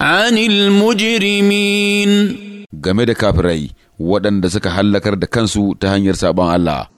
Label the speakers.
Speaker 1: anil Mujirimin.
Speaker 2: game da kafirai waɗanda suka hallakar da kansu ta hanyar saɓon Allah.